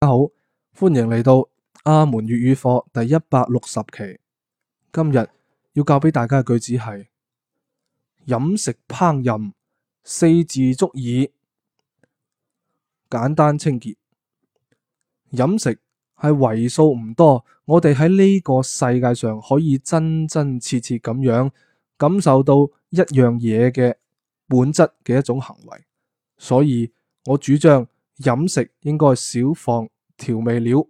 大家好，歡迎嚟到阿門粵語課第一百六十期。今日要教俾大家嘅句子係：飲食烹飪，四字足矣，簡單清潔。飲食係為數唔多，我哋喺呢個世界上可以真真切切咁樣感受到一樣嘢嘅本質嘅一種行為。所以，我主張飲食應該少放。調味料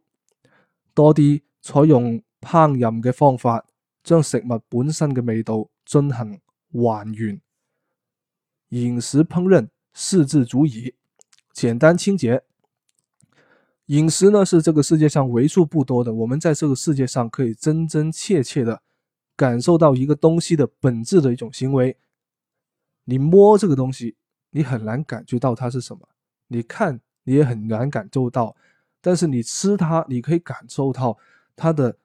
多啲，採用烹飪嘅方法，將食物本身嘅味道進行還原。飲食烹飪四字足矣，簡單清潔。飲食呢，是這個世界上為數不多的，我們在這個世界上可以真真切切的感受到一個東西的本質的一種行為。你摸這個東西，你很難感覺到它是什麼；你看，你也很難感受到。但是你吃它，你可以感受到它的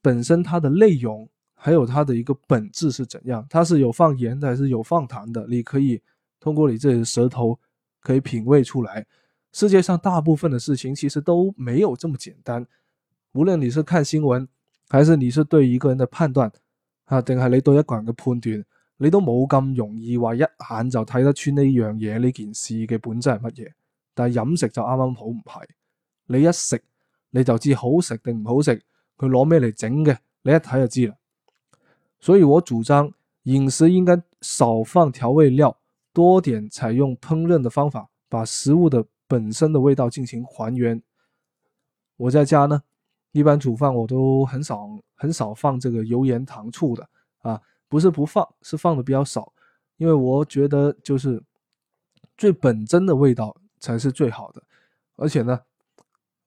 本身、它的內容，還有它的一個本質是怎樣。它是有放鹽的，還是有放糖的？你可以通過你自己的舌頭可以品味出來。世界上大部分的事情其實都沒有這麼簡單。無論你是看新聞，還是你是對一個人的判斷，啊，定係你對一個人嘅判斷，你都冇咁容易話一眼就睇得出呢樣嘢、呢件事嘅本質係乜嘢。但係飲食就啱啱好唔係。你一食你就知好食定唔好食，佢攞咩嚟整嘅，你一睇就知啦。所以我主張，飲食應該少放調味料，多點採用烹飪的方法，把食物的本身的味道進行還原。我在家呢，一般煮飯我都很少很少放這個油鹽糖醋的，啊，不是不放，是放得比較少，因為我覺得就是最本真的味道才是最好的，而且呢。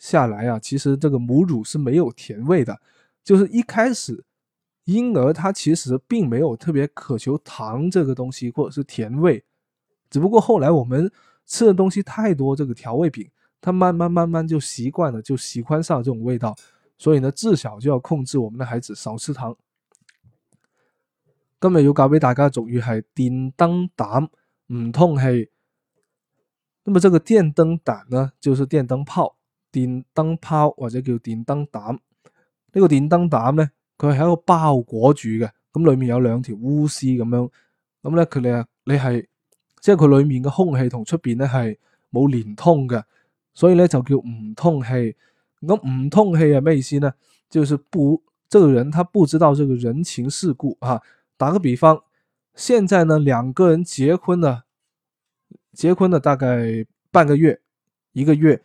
下來啊，其實這個母乳是沒有甜味的，就是一開始嬰兒他其實並沒有特別渴求糖這個東西或者是甜味，只不過後來我們吃的東西太多，這個調味品他慢慢慢慢就習慣了，就喜歡上這種味道，所以呢，至少就要控制我們的孩子少吃糖。根本有咖啡大家終於還電燈膽唔通氣。那麼這個電燈膽呢，就是電燈泡。電燈泡或者叫電燈膽，呢個電燈膽咧，佢係一個包裹住嘅，咁裏面有兩條鎢絲咁樣，咁咧佢哋啊，你係即係佢裏面嘅空氣同出邊咧係冇連通嘅，所以咧就叫唔通氣。咁唔通氣係咩意思呢？就是不，這個人他不知道這個人情世故啊。打個比方，現在呢兩個人結婚呢，結婚呢大概半個月、一個月。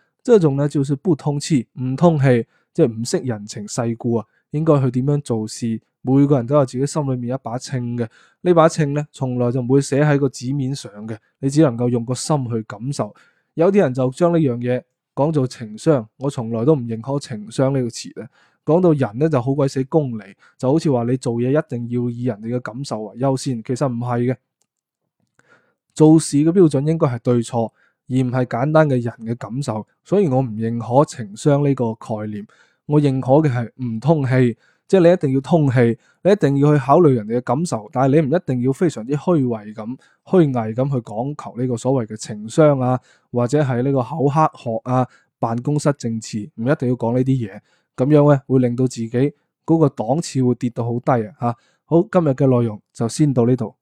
這種呢，就是不通氣、唔通氣，即係唔識人情世故啊！應該去點樣做事？每個人都有自己心裏面一把秤嘅，呢把秤呢，從來就唔會寫喺個紙面上嘅，你只能夠用個心去感受。有啲人就將呢樣嘢講做情商，我從來都唔認可情商呢個詞咧。講到人呢，就好鬼死功利，就好似話你做嘢一定要以人哋嘅感受為優先，其實唔係嘅，做事嘅標準應該係對錯。而唔係簡單嘅人嘅感受，所以我唔認可情商呢個概念。我認可嘅係唔通氣，即係你一定要通氣，你一定要去考慮人哋嘅感受。但係你唔一定要非常之虛偽咁、虛偽咁去講求呢個所謂嘅情商啊，或者係呢個口黑學啊、辦公室政治，唔一定要講呢啲嘢。咁樣咧會令到自己嗰個檔次會跌到好低啊！嚇，好，今日嘅內容就先到呢度。